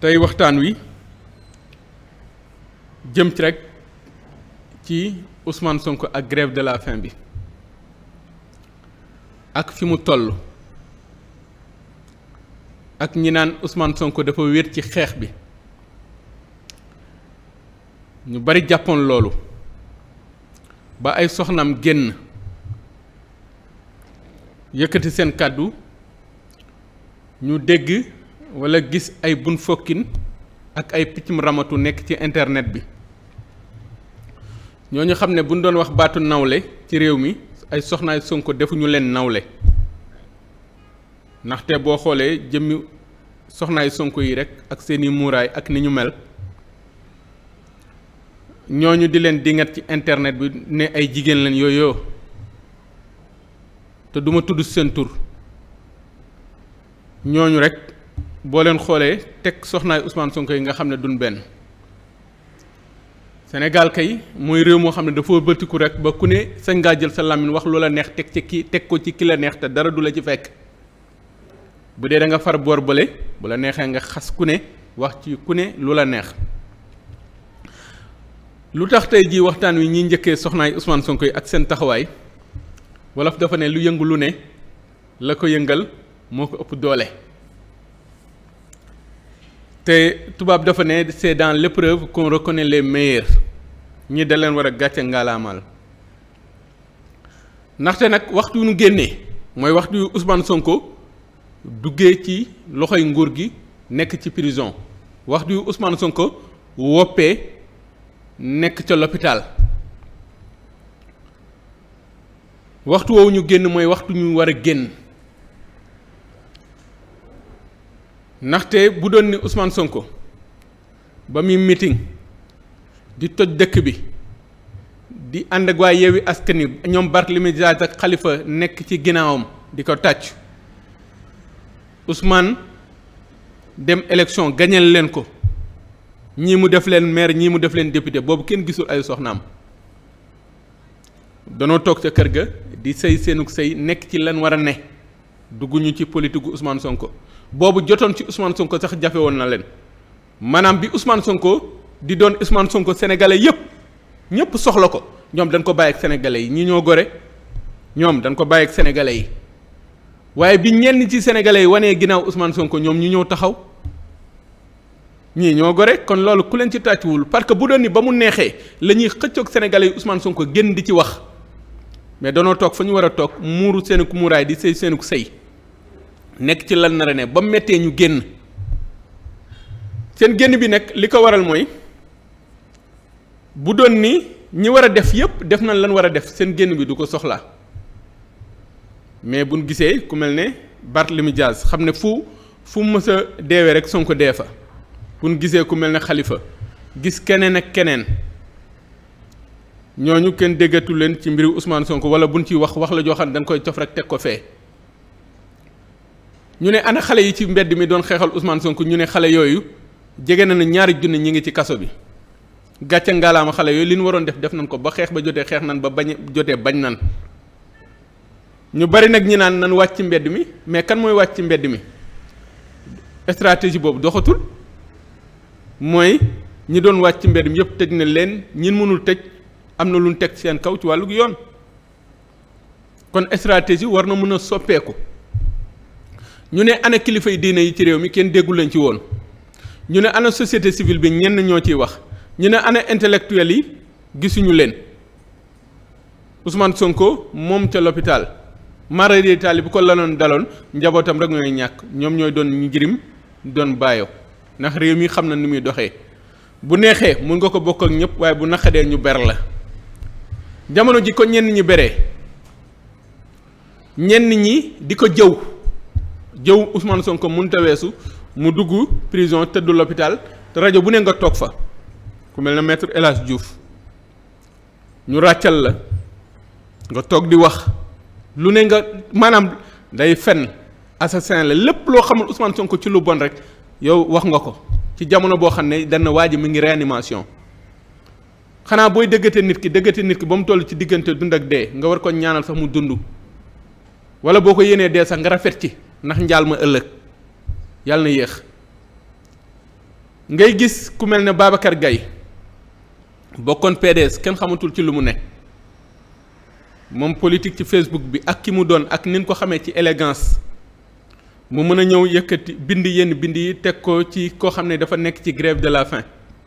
tey waxtaan wi jëm ci rek ci usmaan Sonko ak grève de la fin bi ak fi mu toll ak ñi naan Ousmane Sonko dafa wér ci xeex bi ñu bari jàppoon loolu ba ay soxnaam génn yëkkati seen kàddu ñu dégg wala gis ay bun fokkin ak ay piccum ramatu nekk ci internet bi ñoo ñu xam ne buñ doon wax baatu nawle ci réew mi ay soxnaay Sonko defuñu leen nawle ndaxte boo xoolee jëmmi soxnaay Sonko yi rekk ak seeni muuraay ak ni ñu mel ñooñu di leen dingat ci internet bi ne ay jigéen lañ yooyu te duma tudd seen tur ñooñu rekk boo leen xoolee teg soxnaay Ousmane Sonko yi nga xam ne duñ benn Sénégal kay mooy réew moo xam ne dafa bëtiku rek ba ku ne sañ ngaa jël sa làmmiñ wax lu la neex teg ci ki teg ko ci ki la neex te dara du la ci fekk bu dee da nga far boor bële bu la neexee nga xas ku ne wax ci ku ne lu la neex lu tax tey jii waxtaan wi ñuy njëkkee soxnaay Ousmane Sonko yi ak seen taxawaay wolof dafa ne lu yëngu lu ne la ko yëngal moo ko ëpp doole te tubaab dafa ne c'est dans l'épreuve qu'on reconnaît les meilleurs ñi da leen war a gàcce ngalaamal ndaxte nag waxtu nu génnee mooy waxtu Ousmane Sonko duggee ci loxoy nguur gi nekk ci prison waxtu Ousmane Sonko woppee nekk ca l'hôpital waxtu woowu ñu génn mooy waxtu ñu war a génn ndaxte bu doon ni Ousmane Sonko ba muy mitin di toj dëkk bi di ànd ak waa Yewwi Askan Wi ñoom Barthélémy Dias ak Khalifa nekk ci ginnaawam di ko tàcc usmaan dem élection gañeel leen ko ñii mu def leen maire ñii mu def leen député boobu kenn gisul ay soxnaam danoo toog ca kër ga di sëy seenug sëy nekk ci lan war a ne dugg ñu ci politique gu Ousmane Sonko. boobu jotoon ci Ousmane Sonko sax jafe woon na leen maanaam bi Ousmane Sonko di doon usmaan Sonko sénégalais yëpp ñëpp soxla ko ñoom dañ ko bàyyi ak sénégalais yi ñi ñoo gore ñoom dañ ko bàyyi ak sénégalais yi waaye bi ñenn ci sénégalais yi wanee ginnaaw Ousmane Sonko ñoom ñu ñëw taxaw ñii ñoo gore kon loolu ku leen ci tàccuwul parce que bu doon ni ba mu neexee la ñuy xëccoog sénégalais yi Ousmane Sonko génn di ci wax mais danoo toog fa ñu war a toog muuru seen ku muuraay di sëy seen ku sëy nekk ci lan nara ne ba méttee ñu génn seen génn bi nag li ko waral mooy bu doon ni ñi war a def yépp def nañ lan war a def seen génn bi du ko soxla mais buñ gisee ku mel ne Barthélemy Dias xam ne fu fu mës a deewee rek Sonko dee fa buñ gisee ku mel ne xalifa gis keneen ak keneen ñoo ñooñu kenn déggatu leen ci mbiru Ousmane Sonko wala buñ ciy wax wax la joo xam ne dañ koy cof rek teg ko fee ñu ne ana xale yi ci mbedd mi doon xeexal Ousmane sonk ñu ne xale yooyu jege na ñaari junni ñi ngi ci kaso bi gàcce ngaalaama xale yooyu li ñu waroon def def nañ ko ba xeex ba jotee xeex nan ba bañ jotee bañ nan ñu bari nag ñi naan nan wàcc mbedd mi mais kan mooy wàcc ci mbedd mi stratégie boobu doxatul mooy ñi doon wàcc ci mbedd mi yëpp tëj na leen ñin mënul tëj am na lu ñu teg seen kaw ci wàllug yoon kon stratégie war na mën a soppeeku ñu ne ana kilifa yi diine yi ci réew mi kenn déggul lañ ci woon ñu ne ana société civile bi ñenn ñoo ciy wax ñu ne ana intellectuel yi gisuñu leen usmaan Sonko moom ca l'hôpital mara de taali ko lanoon daloon njabootam rek ñooy ñàkk ñoom ñooy doon njirim doon baayo ndax réew mi xam na ni muy doxee bu neexee mun nga ko bokk ak ñëpp waaye bu naqadee ñu ber la jamono ji ko ñenn ñi beree ñenn ñi di ko jëw jëw Ousmane Sonko mënut a weesu mu dugg prison tëdd l'hôpital te rajo bu ne nga toog fa ku mel ne maître El Hadj ñu ràccal la nga toog di wax lu ne nga maanaam day fenn assassin la lépp loo xamul Ousmane Sonko ci lu bon rek yow wax nga ko ci jamono boo xam ne dana waa ji mi ngi réanimation xanaa booy dëggate nit ki dëggate nit ki ba mu toll ci diggante dund ak dee nga war ko ñaanal sax mu dund wala boo ko yéenee dee sax nga rafet ci. ndax njaal ma ëllëg yàlla na yéex ngay gis ku mel ne Babacar Gaye bokkoon PDS kenn xamatul ci lu mu ne moom politique ci Facebook bi ak ki mu doon ak nin ko xamee ci élégance mu mën a ñëw yëkkati bind yenn bind yi teg ko ci koo xam ne dafa nekk ci grève de la fin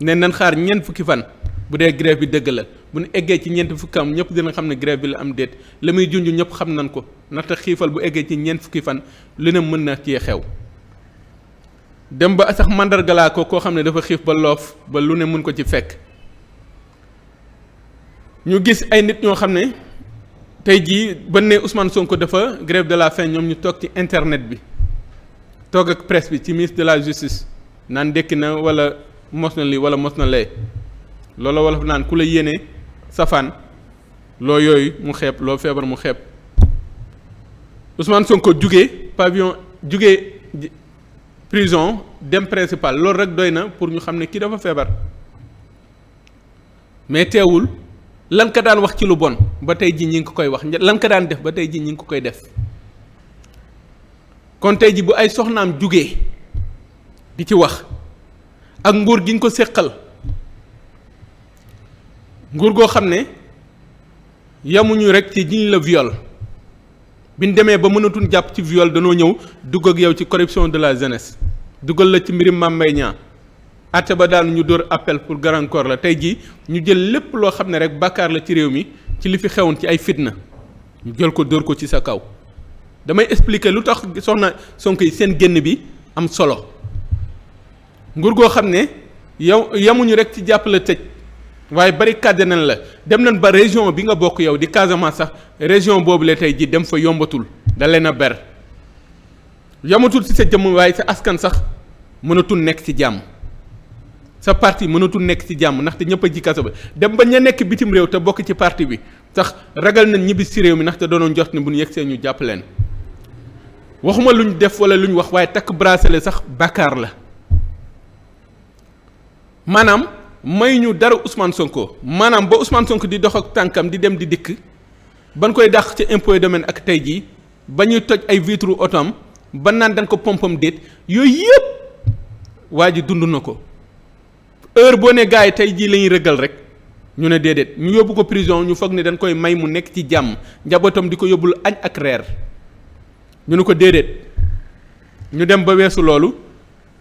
ne nan xaar ñeent fukki fan bu dee grève bi dëgg la bu ñu eggee ci ñeenti fukki am ñëpp dina xam ne grève bi la am déet la muy junj ñëpp xam nañ ko ndaxte xiifal bu eggee ci ñeent fukki fan lu ne mën na cee xew dem ba sax mandargalaa koo xam ne dafa xiif ba loof ba lu ne mën ko ci fekk ñu gis ay nit ñoo xam ne tey jii ba ne Ousmane Sonko dafa grève de la faim ñoom ñu toog ci internet bi toog ak presse bi ci ministre de la justice naan dékki na wala mos na lii wala mos na lee loolu wolof naan ku la safaan loo yooyu mu xeeb loo feebar mu xeeb Ousmane ko jógee pavillon jugee prison dem principal loolu rek doy na pour ñu xam ne kii dafa feebar mais teewul lan ka daan wax ci lu bon ba tey ji ñi ngi ko koy wax lan ka daan def ba tey ji ñi ngi ko koy def kon tey ji bu ay soxnaam jugee di ci wax ak nguur gi ñu ko séqal nguur goo xam ne yamuñu rek ci jiñ la viol biñ demee ba mënatuñ jàpp ci viole danoo ñëw dugg ak yow ci corruption de la jeunesse dugal la ci mbirim Mame Mbaye àtte ba daal ñu dóor appel pour grand corps la tey jii ñu jël lépp loo xam ne rek bàkkaar la ci réew mi ci li fi xewoon ci ay fitna ñu jël ko dóor ko ci sa kaw damay expliquer lu tax soxna Sonko yi seen génn bi am solo nguur goo xam ne yow yamuñu rek ci jàpp la tëj waaye barricade nañ la dem nañ ba région bi nga bokk yow di Casamance sax région boobu la tey ji dem fa yombatul da leen a ber yamatul ci sa jëmm waaye sa askan sax mënatul nekk ci jàmm sa parti mënatul nekk ci jàmm ndaxte ñëpp ji kaso ba dem ba ña nekk bitim réew te bokk ci parti bi sax ragal nañ ñibbi ci réew mi ndaxte doonoon jot ne bu nu yegsee ñu jàpp leen waxuma luñ def wala ñu wax waaye takk bracelet sax bàkkaar la maanaam. may ñu dara Ousmane Sonko maanaam ba Ousmane Sonko di dox ak tànkam di dem di dikk ban koy dàq ci impôt domaine ak tey jii ba ñuy toj ay vitre otom ba naan dañ ko pompam déet yooyu yëpp waa ji dund na ko heure boo ne gars yi tey jii la ñuy rëggal rek ñu ne déedéet ñu yóbbu ko prison ñu foog ne dañ koy may mu nekk ci jàmm njabootam di ko yóbbul añ ak reer ñu ne ko déedéet ñu dem ba weesu loolu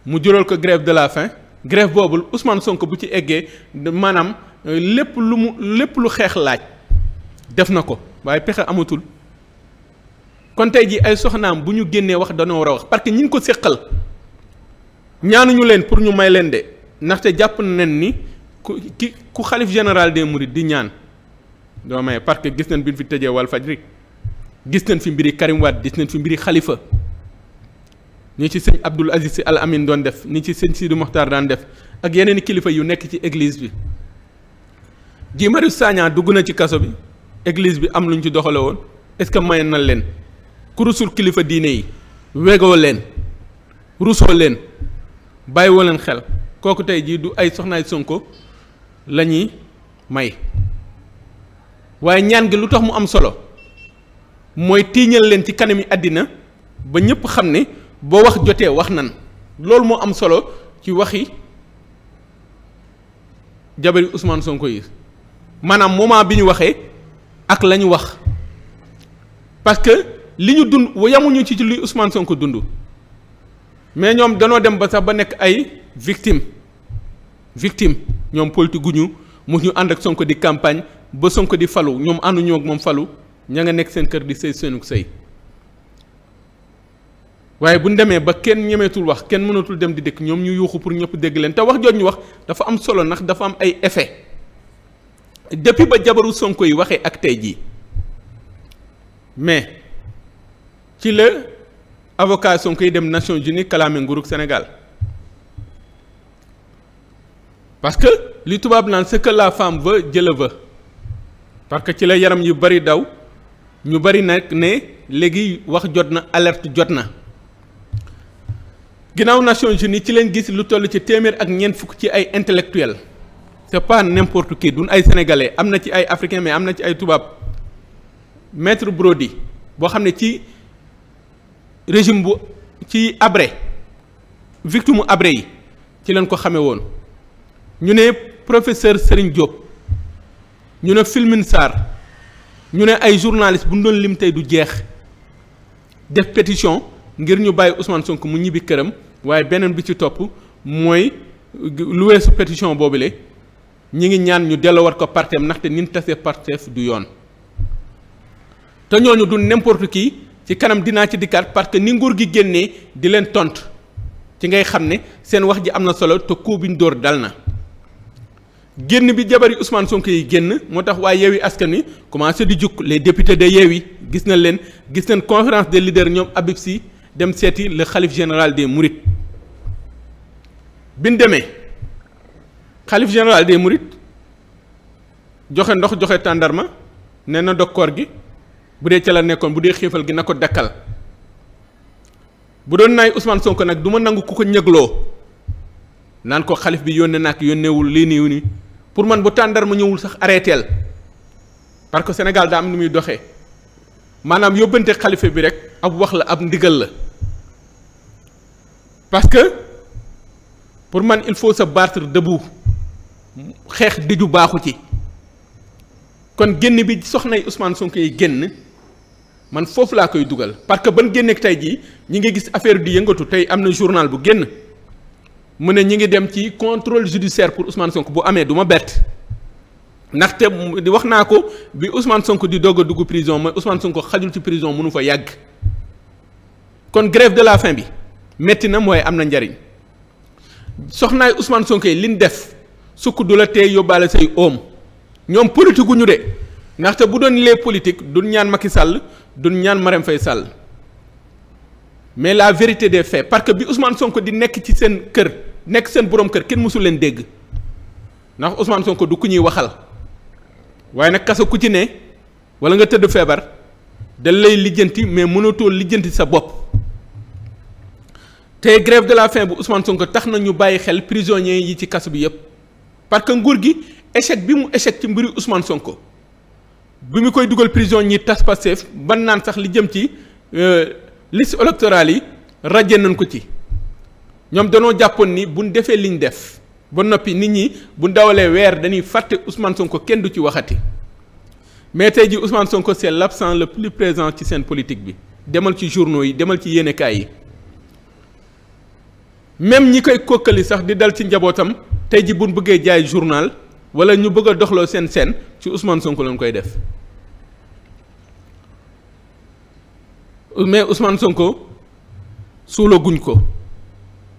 mu jural ko grève de la faim. grève boobu Ousmane Sonko bu ci eggee maanaam euh, lépp lu mu lépp lu xeex laaj def na ko waaye pexe amatul kon tey jii ay soxnaam bu ñu génnee wax dañoo war a wax parce que ñi ngi ko séqal ñaanuñu leen pour ñu may leen de ndaxte jàpp nañ ni ku ki ku xalif général des mourides di ñaan doo may parce que gis nañ bi ñu fi tëjee Walfadjri gis nañ fi mbiri Karim gis nañ fi mbiri xalifa ni ci sëñ Abdul Aziz si Al Amin doon def ni ci sëñ Sidi Mokhtar daan def ak yeneen kilifa yu nekk ci eglise bi Guy Marius Sagna dugg na ci kaso bi église bi am lu ñu ci doxale woon est-ce que may na leen kurusul kilifa diine yi wegoo leen rusoo leen bàyyiwoo leen xel kooku tey jii du ay soxnaay Sonko lañuy may waaye ñaan gi lu tax mu am solo mooy tiiñal leen ci kanami àddina ba ñëpp xam ne boo wax jotee wax nan loolu moo am solo ci waxi jabari Ousmane Sonko yi maanaam moment bi ñu waxee ak la ñu wax parce que li ñu dund yamuñu ci ci li Ousmane Sonko dund mais ñoom danoo dem ba sax ba nekk ay victime victime ñoom politique mu ñu ànd ak Sonko di campagne ba Sonko di falu ñoom ànduñoo moom falu ña nga nekk seen kër di sëy seenug sëy waaye bu ñu demee ba kenn ñemeetul wax kenn mënatul dem di dëkk ñoom ñu yuuxu pour ñëpp dégg leen te wax jooj ñu wax dafa am solo ndax dafa am ay effet depuis ba jabaru sonk yi waxee ak tey jii mais ci la avocation koy yi dem Nations Unies kalaame nguurug senegal parce que li tubaab naan ce que la femme veut Dieu le parce que ci la yaram yu bari daw ñu bari nag ne léegi wax jot na alerte jot na ginnaaw Nations Unies ci leen gis lu toll ci téeméer ak ñeent fukk ci ay intellectuel c'est pas n'importe qui duñ ay sénégalais am na ci ay africains mais am na ci ay tubaab metre Brody boo xam ne ci régime bu ci abré victime abré yi ci leen ko xamee woon ñu ne professeur Serigne Diop ñu ne Filmin Sarr ñu ne ay journaliste bu ñu doon lim tey du jeex def pétition. ngir ñu bàyyi Ousmane Sonko mu ñibbi këram waaye beneen bi ci topp mooy lu weesu pétition boobule ñi ngi ñaan ñu delloowaat ko parteem ndaxte nin tasee parteef du yoon te ñooñu du n'importe qui ci kanam dinaa ci dikkaat parce que ni nguur gi génnee di leen tontu ci ngay xam ne seen wax ji am na solo te coup bi dal na génn bi jabari Ousmane Sonko yi génn moo tax waaye Yewwi Askan Wi commencé di jukk les députés de Yewwi gis nañ leen gis nañ conférence de leaders ñoom Habib dem seeti le xalif général des murit bi demee xalif général des Mourides joxe ndox joxe tàndarma nee na dokkoor gi bu dee ca la nekkoon bu dee xiifal gi na ko dakkal bu doon naay Ousmane Sonko nag du ma nangu ku ko ñëgloo naan ko xalif bi yónnee na ak yónneewul lii nii nii pour man bu tàndarma ñëwul sax arrêteel parce que Sénégal daa am ni muy doxee maanaam yóbbante xalifa bi rek ab wax la ab ndigal la. parce que pour man il faut se battre debout xeex di diju baaxu ci kon génn bi soxnay Ousmane Sonko yi génn man foofu laa koy dugal parce que ban génneeg tey jii ñi ngi gis affaire di yëngatu tey am na journal bu génn mu ne ñi ngi dem ci contrôle judiciaire pour Ousmane Sonko bu amee du ma bett ndaxte di wax naa ko bi Ousmane Sonko di doog a dugg prison mooy Ousmane Sonko xajul ci prison mënu fa yàgg kon grève de la fin bi. metti na mooy am na njariñ soxnaay Ousmane Sonko yi liñ def sukk du la tee yóbbaale say oom ñoom politique gu ñu de ndaxte bu doon les politique duñ ñaan Macky Sall duñ ñaan Marème Faye Sall mais la vérité des faits parce que bi usmaan Sonko di nekk ci seen kër nekk seen borom kër kenn mosul leen dégg ndax Ousmane Sonko du ku ñuy waxal waaye nag kaso ku ci ne wala nga tëdd feebar da lay lijjanti mais mënatoo lijjanti sa bopp. tey grève de la faim bu son ko tax na ñu bàyyi xel prisonniers yi ci kaso bi yépp parce que nguur gi échec bi mu échec ci mbiri Ousmane Sonko bi mu koy dugal prison ñi tas Pastef ban naan sax li jëm ci euh, liste électorale yi raje nañ ko ci ñoom danoo jàppoon ni buñ defee liñ def ba noppi nit ñi bu dawalee weer dañuy fàtte son ko kenn du ci waxati mais tey ji Ousmane Sonko c'est l'absent le plus présent ci seen politique bi demal ci journaux yi demal ci yéenekaay yi même ñi koy kokkali sax di dal ci njabootam tey ji buñ bëggee jaay journal wala ñu bëgg a doxloo seen seen ci Ousmane Sonko lañ koy def mais Ousmane Sonko suula guñ ko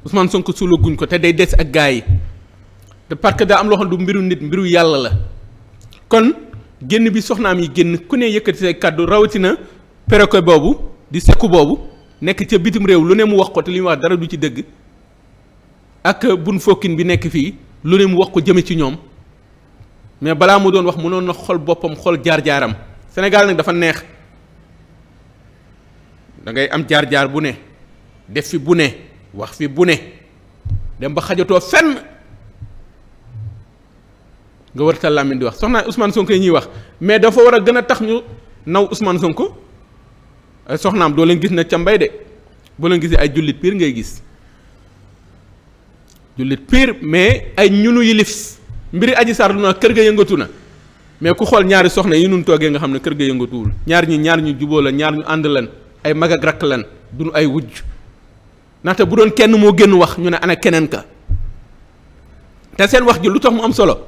Ousmane Sonko suula guñ ko te day des ak gaa yi te parce que daa am loxo du mbiru nit mbiru yàlla la kon génn bi soxnaam yi génn ku ne yëkkati say kàddu rawatina perroquet boobu di sekku boobu nekk ca bitim réew lu ne mu wax ko te li mu wax dara du ci dégg ak bun fokkin bi nekk fii lu ne mu wax ko jëme ci ñoom mais balaa mu doon wax mënoon na xol boppam xol jaar-jaaram Sénégal nag dafa neex dangay am jaar-jaar bu ne def fi bu ne wax fi bu ne dem ba xajatoo fenn nga war a làmmiñ di wax soxna usmaan Sonko yi ñuy wax mais dafa war a gën a tax ñu naw Ousmane Sonko soxnaam doo leen gis na ca mbay de boo leen gisee ay jullit piir ngay gis. jullit pire mais ay ñunu yilif mbiri aji sar lu na kër ga yëngatu na mais ku xool ñaari soxna yi nun toogee nga xam ne kër ga yëngatuwul ñaar ñi ñaar ñu juboo la ñaar ñu ànd lan ay mag ak rakk lan duñu ay wujj ndaxte bu doon kenn moo génn wax ñu ne ana keneen ka te seen wax ji lu tax mu am solo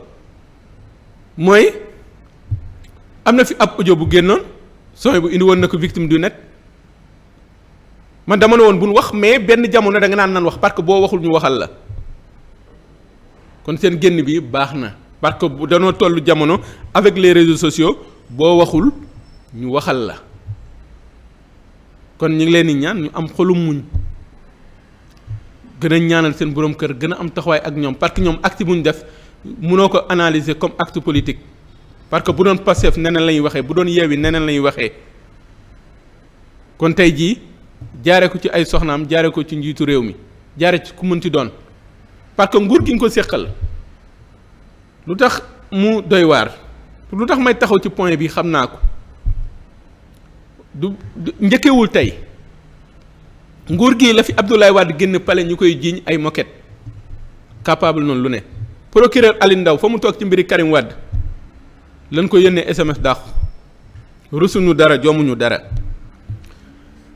mooy am na fi ab audio bu génnoon sooy bu indiwoon na ko victime du net man dama ne woon buñ wax mais benn jamono da nga naan nan wax parce que boo waxul ñu waxal la kon seen génn bi baax na parce que danoo tollu jamono avec les réseaux sociaux boo waxul ñu waxal la kon ñu ngi leen di ñaan ñu am xolu muñ gën a ñaanal seen borom kër gën a am taxawaay ak ñoom parce que ñoom acte bu ñu def mënoo ko analyser comme acte politique parce que bu doon Pastef neneen la ñuy waxee bu doon Yewwi neneen la ñuy waxee kon tey jii jaare ko ci ay soxnaam jaare ko ci njiitu réew mi jaare ci ku mënti doon parce que nguur gi ñu ko séqal lu tax mu doy waar lu tax may taxaw ci point bi xam naa ko du njëkkewul tey nguur gi la fi Abdoulaye Wade génn pale ñu koy jiiñ ay mokket capable noonu lu ne procureur Alioune Ndao fa mu toog ci mbiri Karim Wade lañ ko yónnee SMS dàqu rusuñu dara joomuñu dara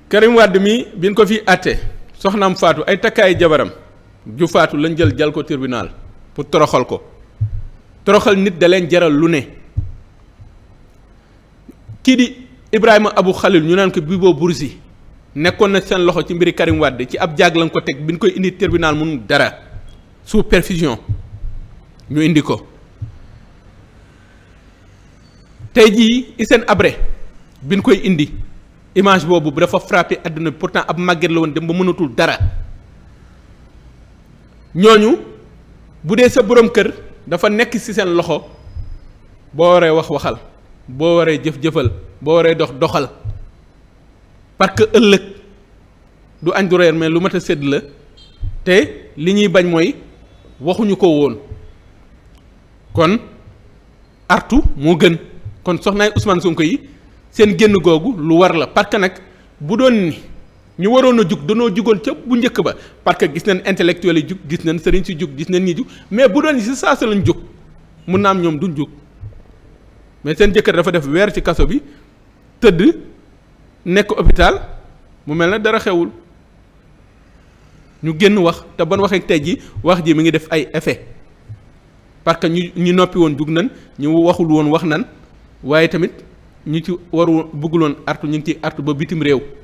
Karim Wade mi biñ ko fi àtte soxnaam faatu ay takkaayu jabaram ju faatu lañ jël jal ko tribunal pour toroxal ko toroxal nit da jaral lu ne kii di Ibrahima abu Khalil ñu naan ko Bibo Bourgi nekkoon na seen loxo ci mbiri Karim Wade ci ab jaag lañ ko teg bi ñu koy indi tribunal mënu dara su perfusion ñu indi ko tey jii seen Habré bi ñu koy indi image boobu dafa frappé àdduna bi pourtant ab màgget la woon dem ba mënatul dara ñooñu bu dee sa borom kër dafa nekk ci seen loxo boo waree wax waxal boo waree jëf-jëfal boo waree dox doxal parce que ëllëg du añ du reer mais lu mat a sédd la te li ñuy bañ mooy waxuñu ko woon kon artu moo gën kon soxnaay Ousmane Sonko yi seen génn googu lu war la parce que nag bu doon ni ñu waroon a jug danoo jugoon ca bu njëkk ba parce que gis neen intellectuel yi jug gis nañ sëriñ si jug gis nañ ñi jug mais bu doon si saa jug mun naa ñoom duñ jug mais seen jëkkër dafa def weer ci kaso bi tëdd nekk hôpital mu mel na dara xewul ñu génn wax te ban waxee tey ji wax ji mi ngi def ay effet parce que ñu ñu noppi woon jug nañ ñu waxul woon wax nañ waaye tamit ñu ci waru bëgguloon artu ñu ngi ci artu ba bitim réew